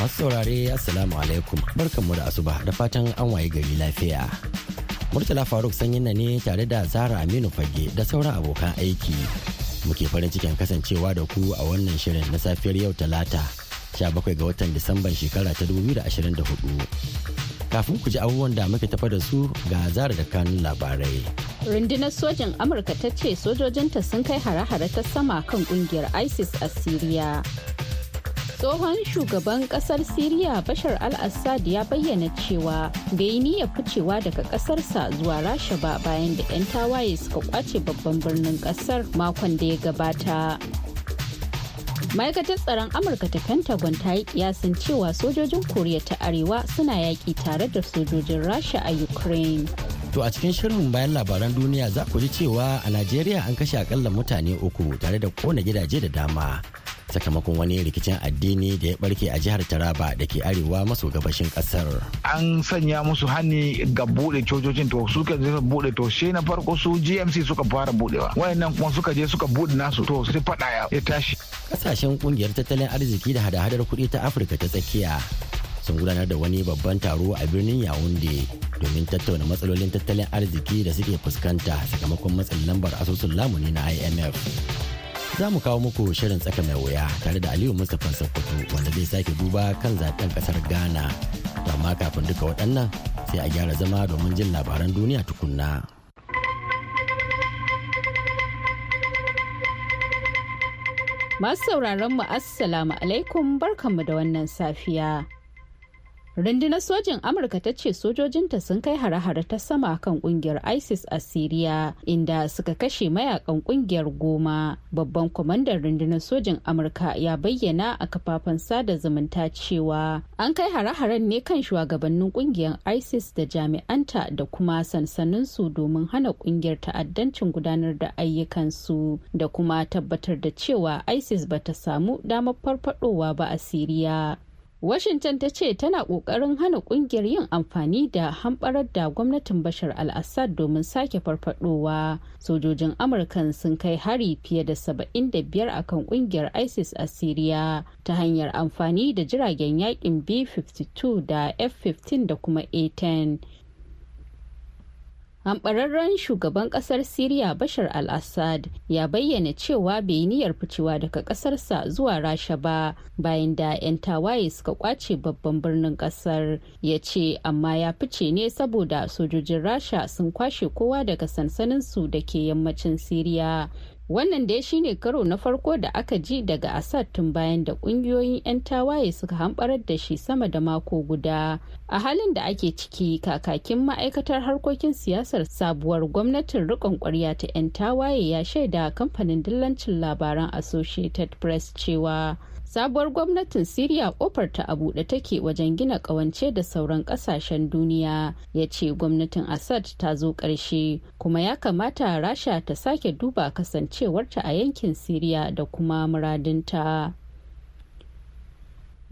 masu saurare assalamu alaikum barkanmu da asuba da fatan an waye gari lafiya murtala faruk sanyina na ne tare da zara aminu fage da sauran abokan aiki muke farin cikin kasancewa da ku a wannan shirin na safiyar yau talata 17 ga watan disamban shekara ta 2024 kafin ku ji abubuwan da muke tafa da su ga zara da kanun labarai rundunar sojin amurka ta ce sojojinta sun kai hare-hare ta sama kan kungiyar isis a siriya tsohon shugaban kasar siriya bashar al-assad ya bayyana cewa bai niyya ficewa daga kasarsa zuwa rasha ba bayan da 'yan tawaye suka kwace babban birnin kasar makon da ya gabata ma'aikatar tsaron amurka ta pentagon ta yi kiyasin cewa sojojin koriya ta arewa suna yaƙi tare da sojojin rasha a ukraine To a cikin shirin bayan labaran duniya za ku ji cewa a Najeriya an kashe akalla mutane uku tare da kona gidaje da dama sakamakon wani rikicin addini da ya barke a jihar Taraba da ke arewa maso gabashin kasar. An sanya musu hani ga bude cococin to suka je bude to shi na farko su GMC suka fara budewa. Wayannan kuma suka je suka bude nasu to sai fada ya tashi. Kasashen kungiyar tattalin arziki da hada-hadar kuɗi ta Afirka ta tsakiya sun gudanar da wani babban taro a birnin Yaounde domin tattauna matsalolin tattalin arziki da suke fuskanta sakamakon matsin lambar asusun lamuni na IMF. za mu kawo muku shirin tsaka mai wuya tare da aliyu mustapha sokoto wanda zai sake duba kan zaben kasar ghana amma kafin duka waɗannan sai a gyara zama domin jin labaran duniya tukunna masu sauraron mu assalamu alaikum barkanmu da wannan safiya rundunar sojin amurka ta ce sojojinta sun kai hare-hare ta sama kan kungiyar isis a syria inda suka kashe mayakan kungiyar goma babban kwamandan rundunar sojin amurka ya bayyana a kafafen sada zumunta cewa an kai hare-haren ne kan shugabannin kungiyar isis da jami'anta da kuma sansaninsu domin hana kungiyar ta'addancin gudanar da ayyukansu da kuma tabbatar da cewa isis ba ta samu damar farfadowa ba a syria. washington ta ce tana ƙoƙarin hana ƙungiyar yin amfani da hamɓarar da gwamnatin bashar al-assad domin sake farfadowa sojojin amurkan sun kai hari fiye da 75 akan kungiyar isis a syria ta hanyar amfani da jiragen yaƙin b-52 da f-15 da kuma a-10 hamɓararren shugaban ƙasar siriya bashar al-assad ya bayyana cewa bai yi niyyar ficewa daga ƙasarsa zuwa rasha ba bayan da 'yan tawaye suka kwace babban birnin ƙasar ya ce amma ya fice ne saboda sojojin rasha sun kwashe kowa daga sansaninsu da ke yammacin siriya wannan da dai shine karo na farko da aka ji daga assad tun bayan da kungiyoyin 'yan tawaye suka hamɓarar da shi sama da mako guda a halin da ake ciki kakakin ma'aikatar harkokin siyasar sabuwar gwamnatin rikon kwarya ta 'yan tawaye ya shaida kamfanin dillancin labaran associated press cewa sabuwar gwamnatin siriya kofar ta a buɗe take wajen gina ƙawance da sauran ƙasashen duniya ya ce gwamnatin assad ta zo ƙarshe kuma ya kamata rasha ta sake duba kasancewarta a yankin siriya da kuma muradinta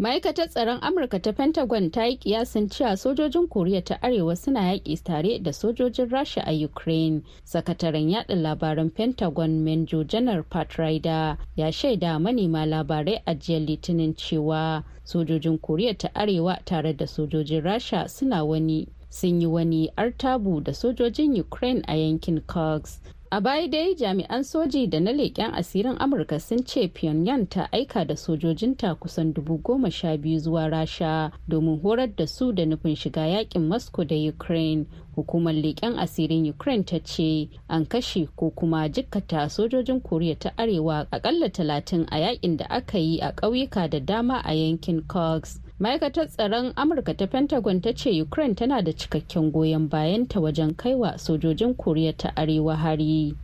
ma'aikatar tsaron amurka ta pentagon ta yi kiyasin cewa sojojin koriya ta arewa suna yaƙi tare da sojojin rasha a ukraine sakataren yada labaran pentagon menjo janar pat Ryder ya shaida manema labarai a jiya litinin cewa sojojin koriya ta arewa tare da sojojin rasha suna wani sun yi wani artabu da sojojin ukraine a yankin cox A baya dai jami'an soji da na leƙen asirin Amurka sun ce Pyongyang ta aika da sojojinta kusan dubu goma sha biyu zuwa Rasha domin horar da su da nufin shiga yakin Moscow da Ukraine. Hukumar leƙen asirin Ukraine ta ce an kashe ko kuma jikkata sojojin Koriya ta Arewa aƙalla talatin a yakin da aka yi a ƙauyuka da dama a yankin Cox. ma'aikatar tsaron amurka ta pentagon ta ce ukraine tana da cikakken goyon bayanta wajen kaiwa sojojin koriya ta arewa hari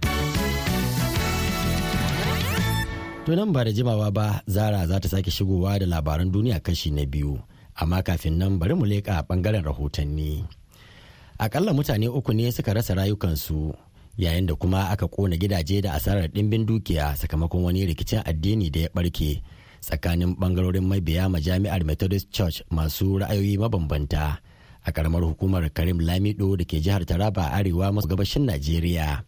nan ba da jimawa ba zara za ta sake shigowa da labaran duniya kashi na biyu amma kafin nan bari mu leƙa bangaren rahotanni akalla mutane uku ne suka rasa rayukansu yayin da kuma aka kona gidaje da asarar dimbin dukiya sakamakon wani rikicin addini da ya barke. tsakanin bangarorin mabiya Jami'ar methodist church masu ra'ayoyi mabambanta a karamar hukumar karim lamido da ke jihar taraba a arewa maso gabashin najeriya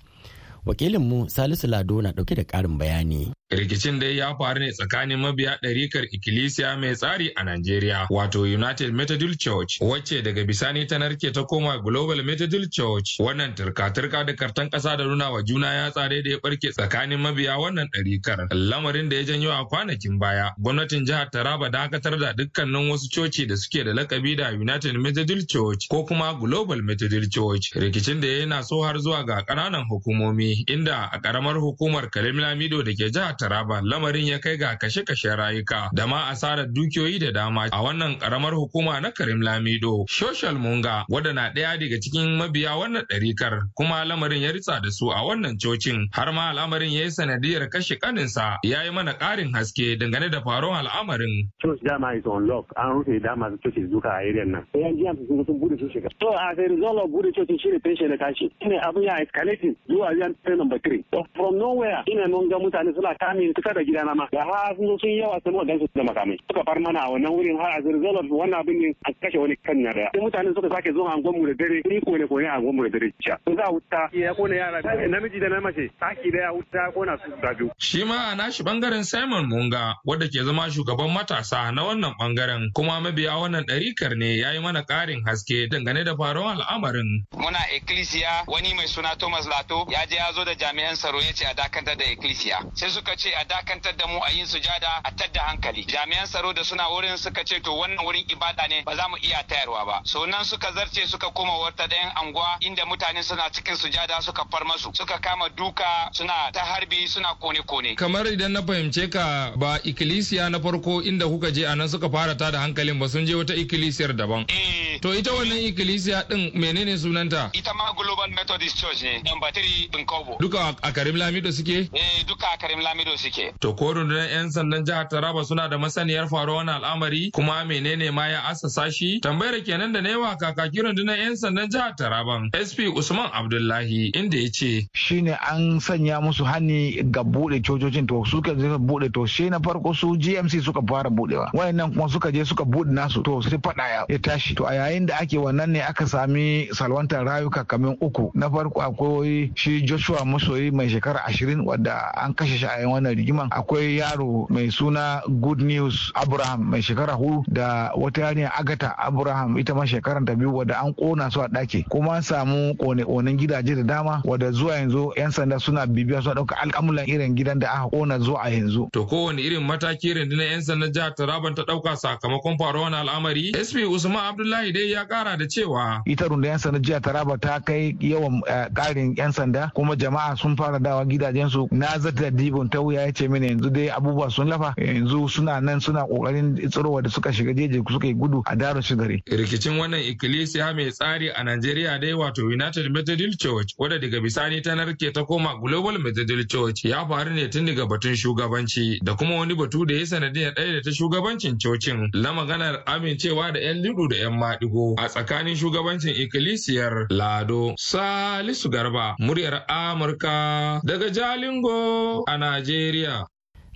wakilinmu salisu lado na dauke da karin bayani Rikicin dai ya faru ne tsakanin mabiya ɗarikar ikkilisiya mai tsari a Najeriya, wato United Methodist Church, wacce daga bisani ta narke ta koma Global Methodist Church. Wannan turka-turka da kartan ƙasa da nuna wa juna ya tsare da ya barke tsakanin mabiya wannan ɗarikar. Lamarin da ya janyo a kwanakin baya, gwamnatin jihar Taraba dakatar da dukkanin wasu coci da suke da lakabi da United Methodist Church ko kuma Global Methodist Church. Rikicin da yana so har zuwa ga ƙananan hukumomi, inda a ƙaramar hukumar Kalimlamido da ke jihar jihar Taraba lamarin ya kai ga kashe-kashe rayuka da ma asarar dukiyoyi da dama a wannan karamar hukuma na Karim Lamido. Social Munga wadda na ɗaya daga cikin mabiya wannan ɗarikar kuma lamarin ya ritsa da su a wannan cocin har ma al'amarin ya yi sanadiyar kashe kaninsa ya yi mana ƙarin haske dangane da faruwar al'amarin. Church dama is on lock an rufe dama da churches duka a area nan. Yan jiya sun sun bude sun shiga. To as a result of bude church shi ne tension ya tashi. Shine abin ya escalating zuwa yan number 3. From nowhere ina mun ga mutane suna Amin, kusa da gidana ma da har sun sun yawa sun wadan su da makamai suka far mana a wannan wurin har a zirzalar wannan abin ne a kashe wani kan na daya mutanen suka sake zuwa a mu da dare ni ko ne ko ne angon da dare ciya sun za wuta ya kona yara namiji da na mace da daya wuta kona su da biyu shi ma a nashi bangaren Simon Munga wanda ke zama shugaban matasa na wannan bangaren kuma mabiya wannan ɗarikar ne ya yi mana ƙarin haske dangane da faruwar al'amarin. Muna ecclesia wani mai suna Thomas Lato ya je ya zo da jami'an tsaro ya ce a dakatar da ecclesia sai suka ce a dakantar da mu a yin sujada a tadda hankali jami'an tsaro da suna wurin suka ce to wannan wurin ibada ne ba za mu iya tayarwa ba so nan suka zarce suka koma wata ɗayan anguwa inda mutane suna cikin sujada suka far masu suka kama duka suna ta harbi suna kone kone kamar idan na fahimce ka ba ikkilisiya na farko inda kuka je anan suka fara ta da hankalin ba sun je wata ikkilisiyar daban eh. to ita wannan ikkilisiya din menene sunanta ita ma global methodist church ne number 3 binkobo duka a karim lamido suke eh duka a karim lamido ido suke. To ko rundunar 'yan sandan jihar Taraba suna da masaniyar faruwar wani al'amari kuma menene ma ya asasa shi? Tambayar kenan da newa kakaki rundunar 'yan sandan jihar Taraba. SP Usman Abdullahi inda ya ce. Shine an sanya musu hani ga buɗe cococin to suka je su buɗe to shi na farko su GMC suka fara budewa wayannan kuma suka je suka buɗe nasu to sai faɗa ya tashi to a yayin da ake wannan ne aka sami salwantar rayuka kamin uku na farko akwai shi Joshua Musoyi mai shekara ashirin wadda an kashe shi a wannan rigima akwai yaro mai suna good news abraham mai shekara hudu da wata yarinya agata abraham ita ma shekaran ta biyu wadda an kona su a ɗaki kuma an samu kone-konen gidaje da dama wadda zuwa yanzu 'yan sanda suna bibiya suna ɗauka al'amuran irin gidan da aka kona zuwa yanzu. To kowane irin mataki rundunar 'yan sandan jihar Taraban ta ɗauka sakamakon faruwar al'amari? SP Usman Abdullahi dai ya ƙara da cewa. Ita rundunar 'yan sandan jihar Taraba ta kai yawan eh, ƙarin 'yan sanda kuma jama'a sun fara dawa gidajensu na zata dibin ta wuya ya ce mini yanzu dai abubuwa sun lafa yanzu suna nan suna kokarin tsirowa da suka shiga jeji suka yi gudu a daro gari Rikicin wannan ikkilisiya mai tsari a Najeriya dai wato United Methodist Church wadda daga bisani ta narke ta koma Global Methodist Church ya faru ne tun daga batun shugabanci da kuma wani batu da ya sanadiyar ɗaya da ta shugabancin cocin na maganar amincewa da 'yan lidu da 'yan maɗigo a tsakanin shugabancin ikkilisiyar Lado. Salisu Garba, muryar Amurka daga Jalingo a Najeriya. Najeriya.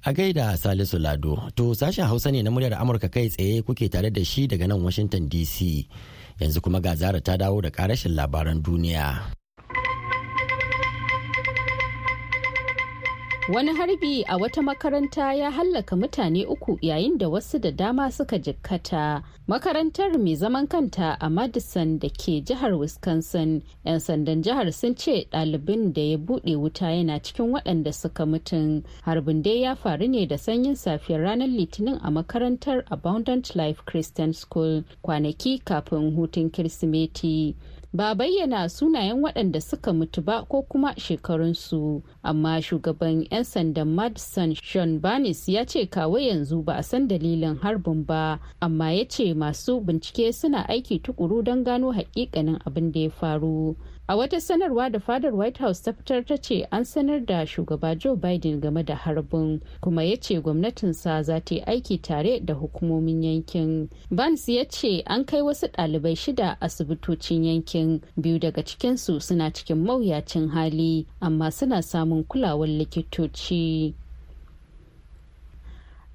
A gaida Salisu Lado, to sashen Hausa ne na muryar Amurka kai tsaye kuke tare da shi daga nan Washington DC. Yanzu kuma ga zara ta dawo da karashin labaran duniya. Wani harbi a wata makaranta ya hallaka mutane uku yayin da wasu da dama suka jikkata. Makarantar mai zaman kanta a Madison da ke jihar Wisconsin, 'yan sandan jihar sun ce ɗalibin da ya buɗe wuta yana cikin waɗanda suka mutun. Harbin dai ya faru ne da sanyin safiyar ranar Litinin a makarantar Abundant Life Christian School kwanaki kafin hutun Kirsimeti. ba bayyana sunayen waɗanda suka mutu ba ko kuma shekarunsu amma shugaban 'yan sandan madison sean barnes ya ce kawai yanzu ba a san dalilin harbin ba amma ya ce masu bincike suna aiki tukuru don gano hakikanin abin da ya faru A wata sanarwa da fadar White House ta fitar ta ce an sanar da shugaba Joe Biden game da harbin kuma ya ce gwamnatinsa za ta yi aiki tare da hukumomin yankin. Vance ya ce an kai wasu ɗalibai shida asibitocin yankin biyu daga cikinsu suna cikin mawuyacin hali amma suna samun kulawar likitoci.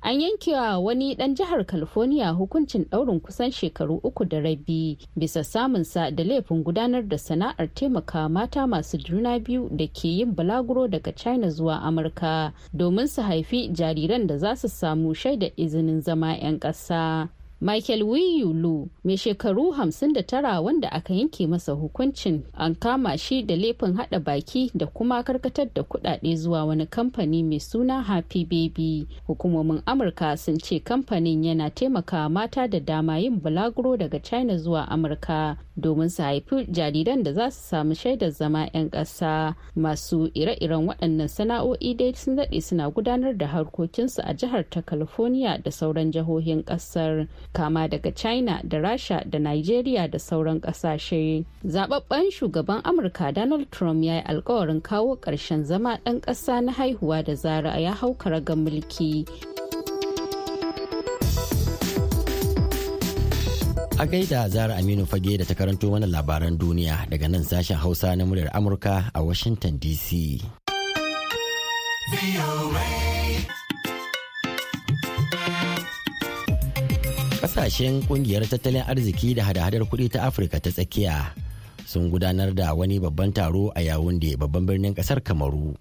an yanke wa wani dan jihar california hukuncin daurin kusan shekaru uku da rabi bisa samunsa da laifin gudanar da sana'ar taimaka mata masu juna biyu da ke yin balaguro daga china zuwa amurka domin su haifi jariran da za su samu shaida izinin zama 'yan ƙasa Michael Wiyulu mai shekaru 59 wanda aka yanke masa hukuncin an kama shi da laifin hada baki da kuma karkatar da kudade zuwa wani kamfani mai suna Happy Baby. Hukumomin Amurka sun ce kamfanin yana taimaka mata da dama yin bulaguro daga China zuwa Amurka domin su haifi jariran da za su samu shaidar zama 'yan ƙasa. Masu ire-iren waɗannan sana'o'i dai sun daɗe suna gudanar da harkokinsu a jihar ta California da sauran jihohin ƙasar. kama daga china da rasha da nigeria da sauran kasashe zababben shugaban amurka donald trump ya yi alkawarin kawo ƙarshen zama ɗan ƙasa na haihuwa da zara ya hau karagar mulki a gaida zara aminu fage da ta karanto mana labaran duniya daga nan sashen hausa na muryar amurka a washington dc Kasashen kungiyar tattalin arziki da hada-hadar kuɗi ta Afirka ta tsakiya sun gudanar da wani babban taro a Yawunde babban birnin ƙasar Kamaru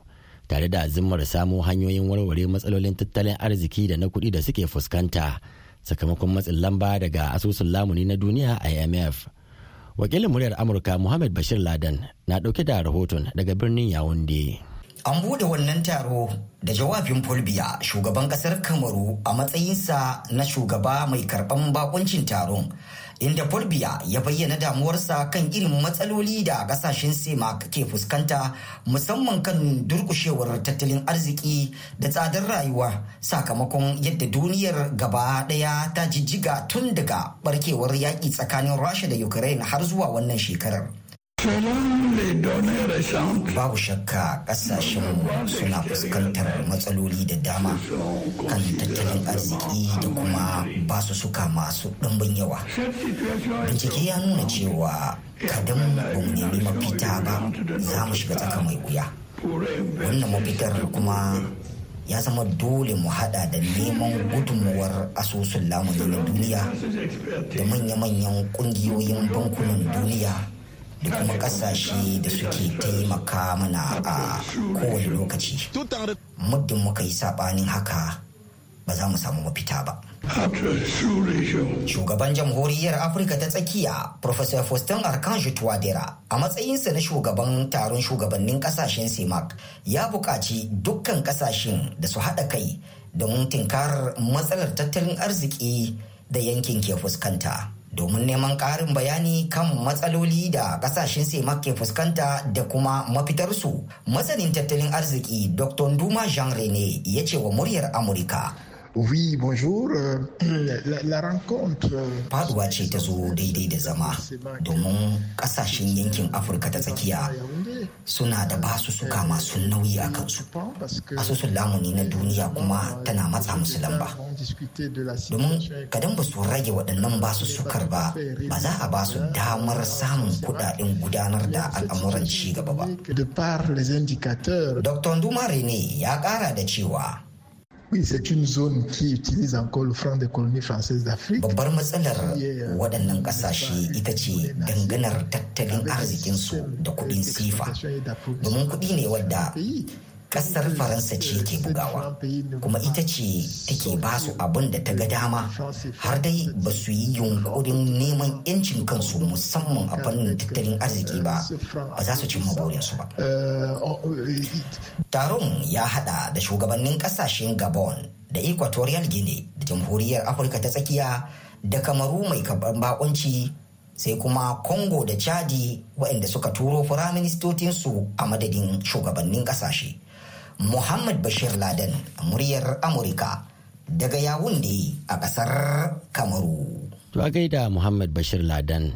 tare da zimmar samo hanyoyin warware matsalolin tattalin arziki da na kuɗi da suke fuskanta sakamakon matsin lamba daga asusun lamuni na duniya IMF. Wakilin muryar Amurka Muhammad Bashir Ladan na ɗauke da rahoton daga birnin Yawunde. an bude wannan taro da jawabin fulbiya shugaban kasar kamaru a matsayinsa na shugaba mai karban bakuncin taron inda fulbiya ya bayyana damuwarsa kan irin matsaloli da kasashen sema ke fuskanta musamman kan durkushewar tattalin arziki da tsadar rayuwa sakamakon yadda duniyar gaba daya ta jijjiga tun daga barkewar yaƙi tsakanin rasha da ukraine har zuwa wannan shekarar Babu shakka ƙasashen suna fuskantar matsaloli da dama kan tattalin arziki da kuma basu suka masu ɗumbin yawa. Bincike ya nuna cewa kadan ba mu nemi mafita ba za mu shiga tsaka mai wuya. Wannan mafitar kuma ya zama dole mu hada da neman gudunmuwar asusun lamuni na duniya da manya-manyan kungiyoyin bankunan duniya da kuma kasashe da suke taimaka mana a kowane lokaci muddin muka yi saɓanin haka ba za mu samu mafita ba shugaban jamhuriyar afirka ta tsakiya professor faustin arkanji tuwadera a matsayinsa na shugaban taron shugabannin kasashen semak ya buƙaci dukkan kasashen da su haɗa kai domin tinkarar matsalar tattalin arziki da yankin ke fuskanta domin neman ƙarin bayani kan matsaloli da ƙasashen semak ke fuskanta da kuma mafitarsu masanin tattalin arziki dr Nduma jean rene ya ce wa muryar amurka Oui, bonjour. Euh, la, la rencontre. Euh, Faduwa ce ta zo daidai da zama domin kasashen yankin Afirka ta tsakiya suna da basu suka masu nauyi a kansu. Asusun lamuni na duniya kuma tana matsa musu lamba. Domin kadan ba su rage waɗannan basu sukar ba, ba za a basu damar samun kuɗaɗen gudanar da al'amuran ci gaba ba. Dr. Ndumare ne ya ƙara da cewa Oui, c'est une zone qui utilise encore le franc des colonies françaises d'Afrique. Babbar matsalar euh, waɗannan ƙasashe ita ce danganar tattalin arzikinsu da kuɗin sifa. Domin kuɗi ne wadda kasar faransa ce ke bugawa kuma ita ce take ba su abin da ta ga dama har dai ba su yi yunkurin neman yancin kansu musamman a fannin tattalin arziki ba ba za su cimma burinsu ba taron ya hada da shugabannin kasashen gabon da equatorial guinea da jamhuriyar afirka ta tsakiya da kamaru mai kaban bakunci sai kuma congo da chadi waɗanda suka turo firaministocinsu a madadin shugabannin ƙasashe Muhammad Bashir Laden muryar Amurka daga Yawunde a kasar Kamaru. Tuwa gaida Muhammad Bashir Laden.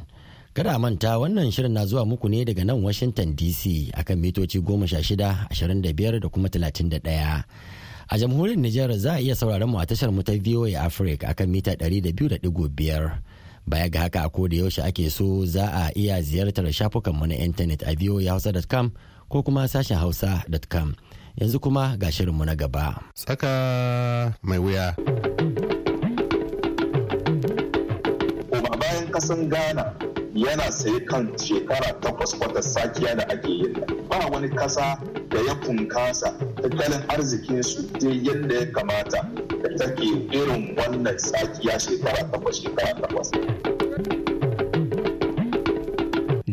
Kada manta wannan shirin na zuwa muku ne daga nan Washington DC akan mitoci 16, 25 da kuma 31. A jamhuriyar Nijar za a iya sauraron mu a tashar mu ta VOA Africa akan mita 200.5. Baya ga haka a da yaushe ake so za a iya ziyartar shafukanmu na intanet a voahausa.com ko kuma sashen hausa.com. yanzu kuma ga shirinmu na gaba tsaka mai wuya bayan kasan ghana yana sayi kan shekara takwas wata sakiya da ake yin ba wani kasa da ya funkasa tattalin arzikin su dai yadda ya kamata da take irin wannan sakiya shekara takwas shekara takwas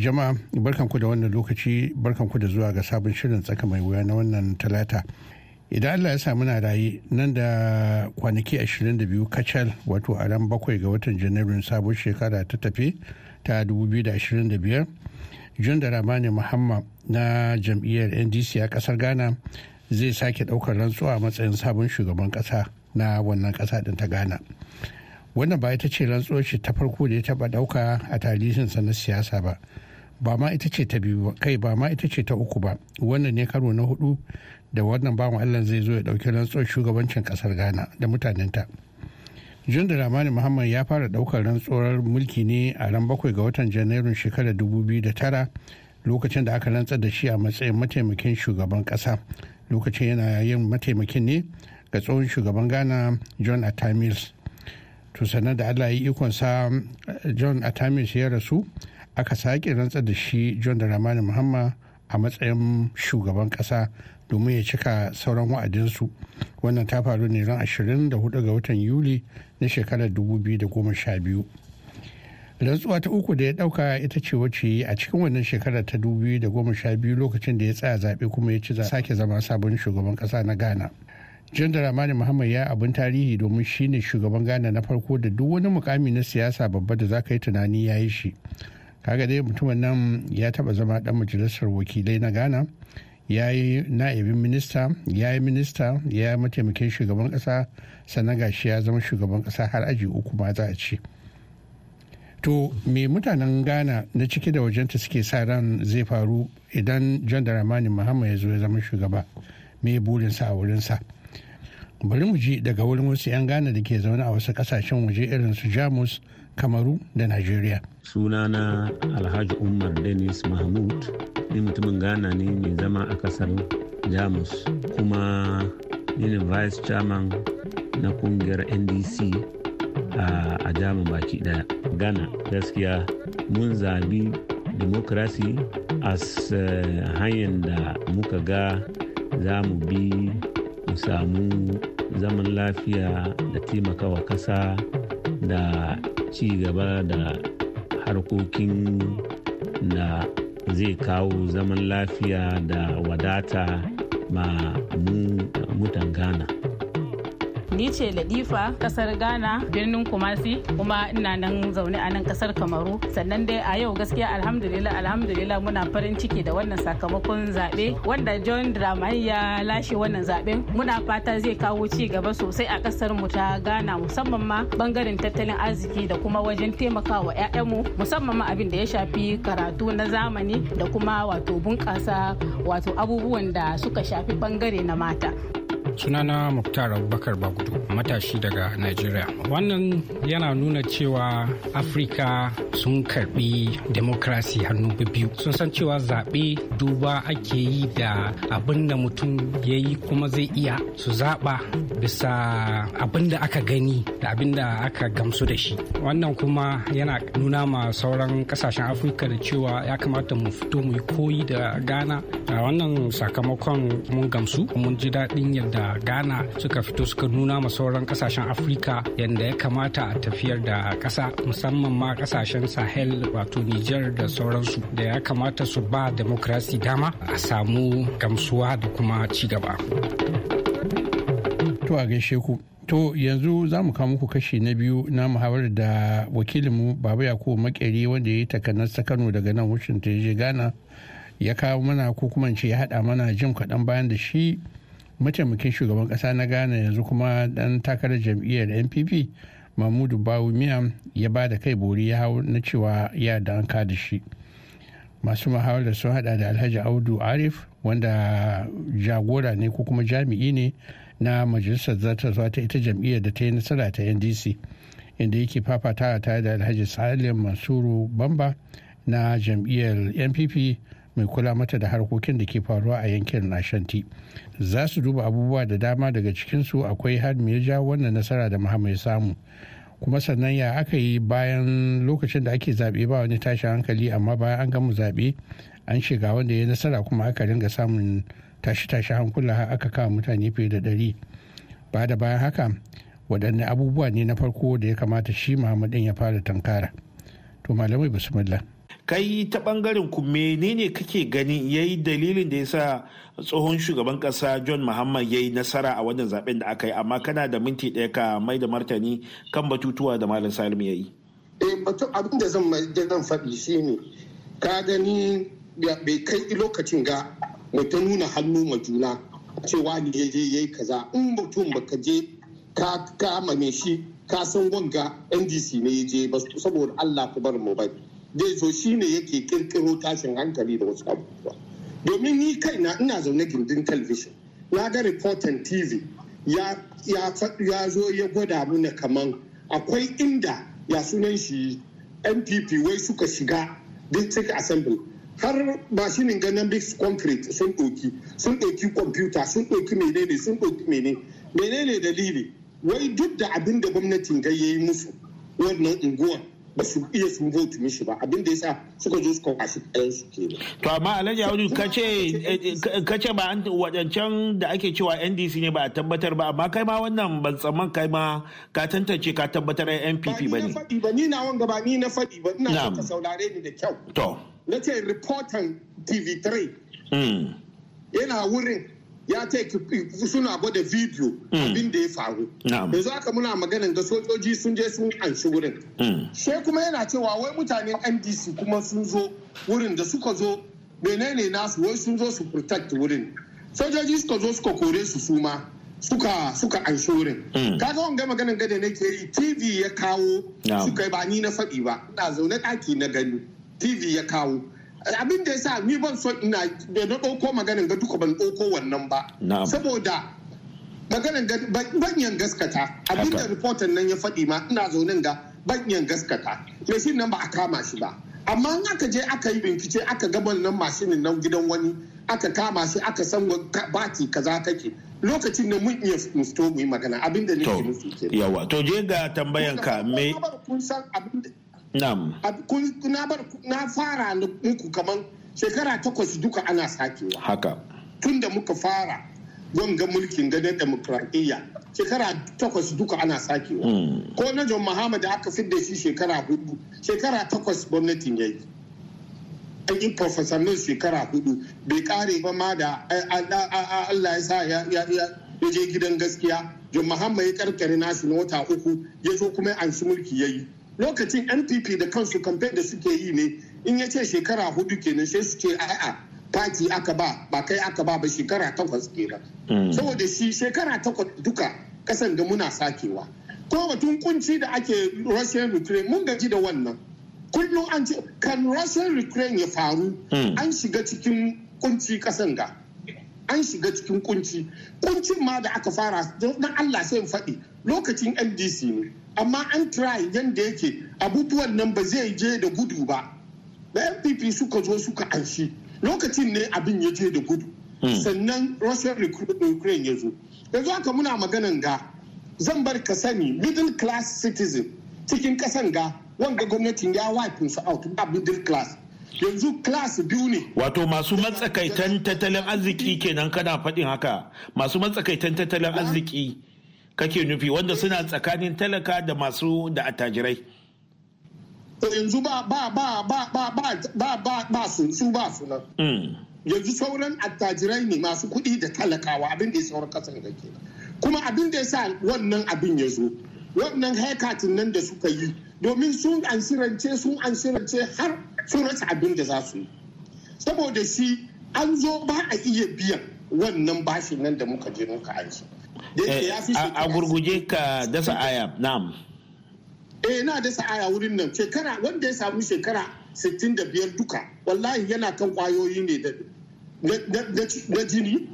jama'a barkanku da wannan lokaci barkanku da zuwa ga sabon shirin tsaka mai wuya na wannan talata idan allah ya samu na rayu nan da kwanaki 22 kacal wato a ran bakwai ga watan janairun sabon shekara ta tafi ta 2025 john da ramani muhammad na jam'iyyar ndc a kasar ghana zai sake daukar rantsuwa a matsayin sabon shugaban kasa na wannan kasa din ta ghana wannan ba ita ce rantsuwar shi ta farko da ya taba dauka a tarihinsa na siyasa ba ba ma ita ce ta biyu kai ba ma ita ce ta uku ba wannan ne karo na hudu da wannan bawan allah zai zo ya dauki rantsuwar shugabancin kasar ghana da mutanenta jun da ramani muhammad ya fara daukar rantsuwar mulki ne a ran bakwai ga watan janairun shekarar tara lokacin da aka rantsar da shi a matsayin mataimakin shugaban kasa lokacin yana yin mataimakin ne ga tsohon shugaban ghana john atamils to sannan da allah ya ikonsa john atamis ya rasu aka sake rantsar da shi john da ramani muhammad a matsayin shugaban kasa domin ya cika sauran wa'adinsu wannan ta faru ne ran 24 ga watan yuli na shekarar 2012 rantsuwa ta uku da ya dauka ita ce wacce a cikin wannan shekarar ta 2012 lokacin da ya tsaya zaɓe kuma ya ci sake zama sabon shugaban kasa na ghana john dramani muhammad ya abin tarihi domin shine shugaban ghana na farko da duk wani mukami na siyasa babba da za ka yi tunani ya yi shi kaga dai mutumin nan ya taba zama dan majalisar wakilai na ghana ya yi na'ibin minista ya yi minista ya yi mataimakin shugaban kasa sannan gashi ya zama shugaban kasa har aji uku ma za a ce to me mutanen ghana na ciki da wajenta suke sa ran zai faru idan john dramani muhammad ya zo ya zama shugaba me burinsa a wurinsa bari mu ji daga wurin wasu 'yan ghana da ke zaune a wasu kasashen waje irin su jamus kamaru da nigeria sunana alhaji umar denis mahmud ni mutumin ghana ne mai zama a kasar jamus kuma ni ne vice chairman na kungiyar ndc a jamus baki daya ghana gaskiya mun zabi demokrasi as eh, hanyar da muka ga za mu bi mu samu zaman lafiya da taimakawa kasa da ci gaba da harkokin da zai kawo zaman lafiya da wadata ma mu mutan ghana Ni ce Ladifa kasar Ghana birnin Kumasi kuma ina nan zaune a nan kasar Kamaru. Sannan dai a yau gaskiya alhamdulillah alhamdulillah muna farin ciki da wannan sakamakon zaɓe wanda John Dramani ya lashe wannan zaɓen. Muna fata zai kawo ci gaba sosai a kasar mu ta Ghana musamman ma bangaren tattalin arziki da kuma wajen taimakawa 'ya'yanmu musamman ma abin da ya shafi karatu na zamani da kuma wato bunƙasa wato abubuwan da suka shafi bangare na mata. sunana muktar abubakar bagudu matashi daga nigeria wannan yana nuna cewa afirka sun karbi demokrasi hannu biyu sun san cewa zaɓe duba ake yi da abin da mutum ya yi kuma zai iya su zaɓa bisa abin da aka gani da abin da aka gamsu da shi wannan kuma yana nuna ma sauran kasashen afirka da cewa ya kamata mu fito mu yi koyi da gana. wannan sakamakon mun gamsu mun ji daɗin yadda ghana suka fito suka nuna ma sauran kasashen afirka yadda ya kamata a tafiyar da kasa musamman ma kasashen sahel wato niger da sauransu da ya kamata su ba demokrasi dama a samu gamsuwa da kuma cigaba. To a gaishe ku. To yanzu za mu kawo muku kashi na biyu na muhawarar da wakilinmu Baba Yakubu Makeri wanda ya yi takanar ta Kano daga nan Washington ya je Ghana ya kawo mana ko kuma ce ya haɗa mana jin kaɗan bayan da shi mataimakin shugaban kasa na ghana yanzu kuma dan takarar jam'iyyar npp mahmudu miyam ya ba da kai bori ya hau na cewa ya da an da shi masu muhawarar sun hada da alhaji audu arif wanda jagora ne ko kuma jami'i ne na majalisar zuwa ta ita jam'iyyar da ta yi nasara ta ndc inda yake fafatawa tare da alhaji salim mansuru bamba na jam'iyyar npp mai kula mata da harkokin da ke faruwa a yankin Ashanti. za su duba abubuwa da dama daga cikinsu akwai har me ya jawo wannan nasara da muhammad ya samu kuma sannan ya aka yi bayan lokacin da ake zaɓe ba wani tashin hankali amma bayan an gama zaɓe an shiga wanda ya yi nasara kuma aka ringa samun tashi-tashi hankula har aka kawo mutane fiye da ɗari ba da bayan haka waɗanne abubuwa ne na farko da ya kamata shi ɗin ya fara tankara to malamai bismillah kai ta bangaren ku menene kake gani yayi dalilin da ya sa tsohon shugaban kasa john muhammad ya yi nasara a wannan zaben da aka yi amma kana da minti ɗaya ka mai da martani kan batutuwa da malam salim ya yi eh, abin da zan faɗi shi ne ka gani bai kai lokacin ga mu nuna hannu ma juna cewa ni ya je yayi kaza in mutum baka je ka kama me shi ka san wanga ndc ne ya je ba saboda allah ku bar mu bari zai shi ne yake kirkiro tashin hankali da wasu abubuwa domin ni kai na ina zaune gindin talabishin na ga reporting tv ya zo ya gwada mana kaman akwai inda ya sunan shi npp wai suka shiga district assembly har mashinin ganin big concrete sun ɗoki sun ɗoki kwamfuta sun ɗoki menene sun ɗoki menene menene dalili wai duk da abin da gwamnatin ga yi musu wannan unguwar ba su iya sun vote mishi ba abin da yasa suka zo suka kwashi ke ba. to amma alhaji audu eh, eh, ka ce ba wadancan da ake cewa ndc ne ba a tabbatar ba amma kai ma wannan ban tsamman kai ma ka tantance ka tabbatar a npp ba ne. ba ni na wanga ba ni na faɗi ba ina ka saurare ni da kyau. to na ce reporter tv3 hmm. yana wurin ya take suna gwada bidiyo mm. abin da ya faru yanzu haka muna maganin da sojoji sun je sun anshi wurin mm. sai kuma yana cewa wai mutanen ndc kuma sun zo wurin da suka zo menene nasu wai sun zo su protect wurin sojoji suka zo suka kore su suma suka suka wurin mm. kaga wanga maganin gada nake yi tv ya kawo suka ba ni na faɗi ba ina zaune ɗaki na gani tv ya kawo abin da ya sa ni ban so ina da na ɗauko maganin ga duka ban ɗauko wannan ba saboda maganin ga banyan gaskata abin da reporter nan ya faɗi ma ina zaunin ga banyan gaskata mai shi nan ba a kama shi ba amma in aka je aka yi bincike aka ga wannan mashinin nan gidan wani aka kama shi aka san bati kaza kake lokacin da mun iya musto mu yi magana abin da nake nufi ke yawa to je ga tambayan ka me kun san abin na fara muku kamar shekara takwas duka ana sakewa haka tun da muka fara wanga mulkin gadon demokradiyya shekara takwas duka ana sakewa hmm. ko na john muhammad da aka fidda shi shekara hudu shekara takwas gwamnatin ya yi an yi profesannin shekara hudu bai kare ba ma da eh, allah ya sa ya je gidan gaskiya john muhammad ya karkare nasu na wata uku ya zo kuma an mulki ya yi lokacin npp da kansu kamfe da suke yi ne in ya ce shekara hudu kenan sai su ce a'a fati aka ba ba kai aka ba ba shekara takwas kenan hmm. saboda shi shekara takwas duka kasan da muna sakewa ko batun kunci da ake russian ukraine mun gaji da wannan kullum an ce kan russian ukraine ya faru hmm. an shiga cikin kunci kasan ga an shiga cikin kunci kuncin ma da aka fara don allah sai faɗi lokacin ndc ne amma an try yadda yake abubuwan nan ba zai je da gudu ba da npp suka zo suka anshi lokacin ne abin ya je da gudu hmm. sannan russian ukraine ya zo yanzu haka muna maganan ga zan bar ka sani middle class citizen cikin kasan ga wanga gwamnatin ya wipe su out ba middle class yanzu class biyu ne wato masu matsakaitan tattalin arziki kenan kana faɗin haka masu matsakaitan tattalin arziki kake nufi wanda suna tsakanin talaka da masu da attajirai yanzu ba ba ba ba ba ba ba ba ba su ba nan hmm. yanzu sauran attajirai ne masu kuɗi da talakawa abin da ya sauran kasar da ke kuma abin da ya sa wannan abin ya zo wannan haikatin nan da suka yi domin sun ansirance sun ansirance har sun rasa abin da za su yi saboda shi an zo ba a iya biyan wannan bashin nan da muka je muka aiki Eh, a gurguje ka dasa aya nam eh na dasa aya wurin nan shekara wanda ya samu shekara 65 duka wallahi yana kan kwayoyi ne na jini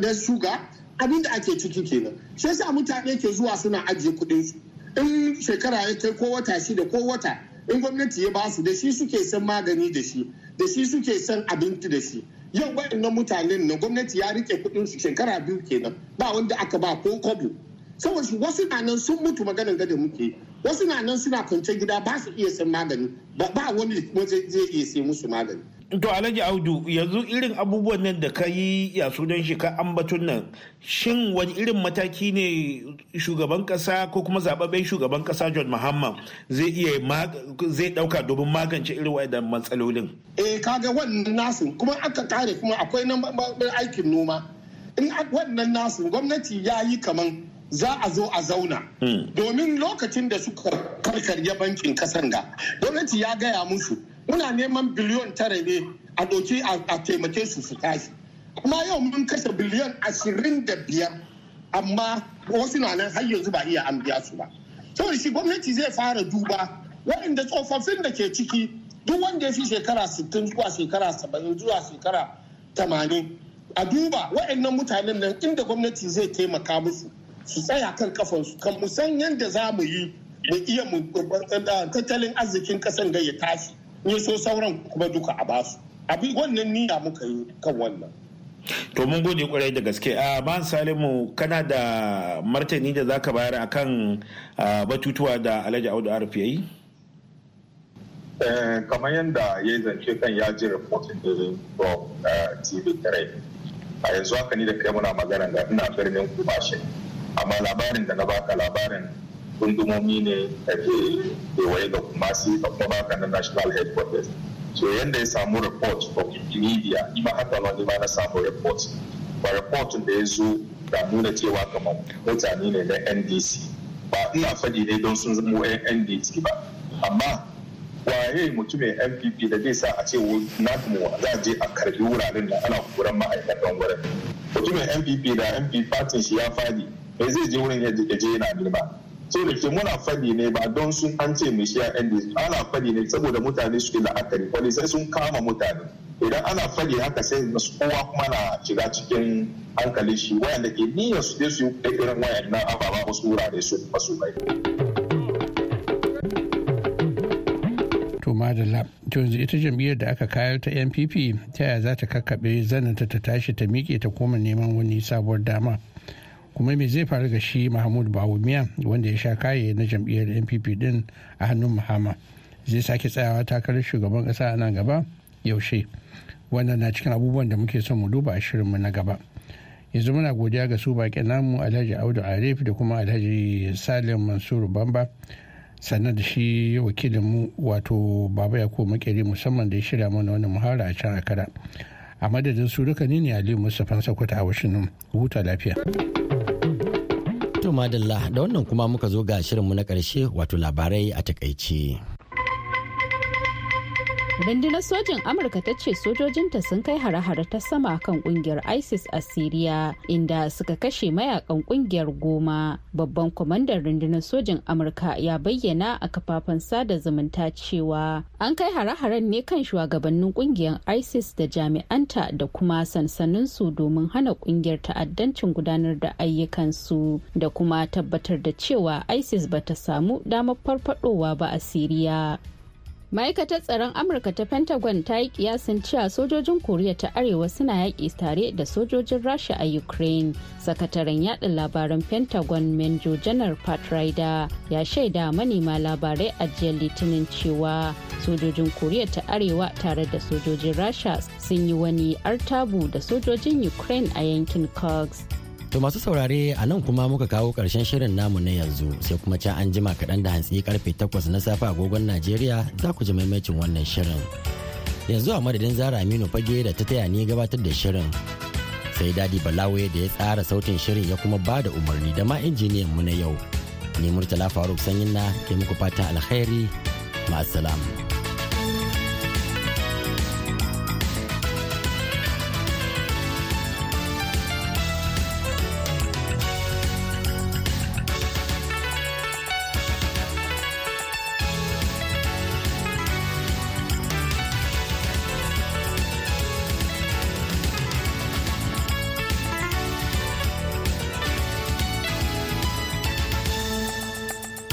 da shuga abinda ake ciki kenan shi yasa mutane ke zuwa suna ajiye kudin su in shekara ya kai ko wata shida ko wata in gwamnati ya ba su da shi suke san magani da shi da shi suke san abinci da shi yau waɗannan mutanen na gwamnati ya rike kudin su shekara biyu kenan ba wanda aka ba ko kobo saboda wasu na nan sun mutu maganin gada muke wasu na nan suna kwance gida ba su iya san magani ba wani wajen zai iya sai musu magani to alhaji audu yanzu irin abubuwan nan da ka yi ya sunan shi ka ambatun nan shin wani irin mataki ne shugaban kasa ko kuma zababben shugaban kasa john muhammad zai iya zai dauka domin magance irin wa'ida matsalolin eh kaga wannan nasu kuma aka kare kuma akwai nan aikin noma in wannan nasu gwamnati ya yi kaman za a zo a zauna hmm. domin lokacin da suka karkarya bankin kasan da gwamnati ya gaya musu muna neman biliyon tara ne a doki a taimake su su tashi kuma yau mun kashe biliyon ashirin da biyar amma wasu na nan har yanzu ba iya an biya su ba to shi gwamnati zai fara duba waɗanda tsofaffin da ke ciki duk wanda ya fi shekara 60 zuwa shekara 70 zuwa shekara 80 a duba waɗannan mutanen nan inda gwamnati zai taimaka musu su tsaya kan kafansu kan musan yadda za mu yi mu iya tattalin arzikin kasan ga ya tashi in so sauran kuma duka a basu abin wannan niyya muka yi kan wannan to mun gode kwarai da gaske a ah, ban salimu kana da martani da zaka bayar akan ah, batutuwa da alhaji audu arif yayi eh, kamar yadda ya zance kan ya ji rahoton da from eh, tv tare a yanzu haka ni da kai muna magana da ina birnin kumashi amma labarin da na baka labarin gundumomi ne da ke kewaye da kuma da kuma ka na national headquarters so yadda ya samu report from media ima haka ma ma na samu report ba report da ya zo da nuna cewa kamar mutane ne na ndc ba ina faɗi ne don sun zama yan ndc ba amma waye mutumin mpp da zai sa a ce na kuma za je a karbi wuraren da ana kuran ma'aikatan wurin mutumin mpp da mp partin shi ya fadi bai zai je wurin ya je yana nema sai da ke muna fadi ne ba don sun an ce mai shiya yan ana fadi ne saboda mutane suke la'akari wani sai sun kama mutane idan ana fadi haka sai kowa kuma na shiga cikin hankali shi wayanda ke niyyar su dai su yi irin wayannan ababa wasu wurare su masu bai. madalla to yanzu ita jam'iyyar da aka kayar ta npp ta yaya za ta kakkaɓe zananta ta tashi ta miƙe ta koma neman wani sabuwar dama kuma me zai faru ga shi mahmud bawumiya wanda ya sha kaye na jam'iyyar npp din a hannun muhammad zai sake tsayawa takarar shugaban kasa a nan gaba yaushe wannan na cikin abubuwan da muke son mu duba a shirinmu na gaba yanzu muna godiya ga su baƙin namu alhaji audu arif da kuma alhaji salim mansur bamba sannan da shi mu wato baba ko makeri musamman da ya shirya mana wani muhara a can akara a madadin su duka ne ne aliyu fansa sakwata a washington huta lafiya To madalla da wannan kuma muka zo ga shirinmu na ƙarshe wato labarai a takaice. rundunar sojin amurka ta ce sojojinta sun kai hare-hare ta sama kan kungiyar isis a syria inda suka kashe mayakan kungiyar goma babban kwamandan rundunar sojin amurka ya bayyana a kafafen sada zumunta cewa an kai hare-haren ne kan shugabannin kungiyar isis da jami'anta da kuma sansaninsu domin hana kungiyar ta'addancin gudanar da ayyukansu da kuma tabbatar da cewa isis ba ta samu damar farfadowa ba a syria. ma'aikatar tsaron amurka ta pentagon ta yi kiyasin cewa sojojin koriya ta arewa suna yaƙi tare da sojojin rasha a ukraine sakataren yada labaran pentagon menjo janar pat Ryder ya shaida manema labarai a jiyar litinin cewa sojojin koriya ta arewa tare da sojojin rasha sun yi wani artabu da sojojin ukraine a yankin cox To masu saurare a nan kuma muka kawo karshen shirin namu na yanzu sai kuma can an jima kaɗan da hantsi karfe takwas na safe agogon Najeriya za ku ji maimacin wannan shirin. Yanzu a madadin Zara Aminu Fage da ta taya ni gabatar da shirin. Sai Dadi Balawe da ya tsara sautin shirin ya kuma ba da umarni da ma injiniyan mu na yau. Ni Murtala Faruk Sanyin na ke muku fatan alkhairi. Ma'asalam.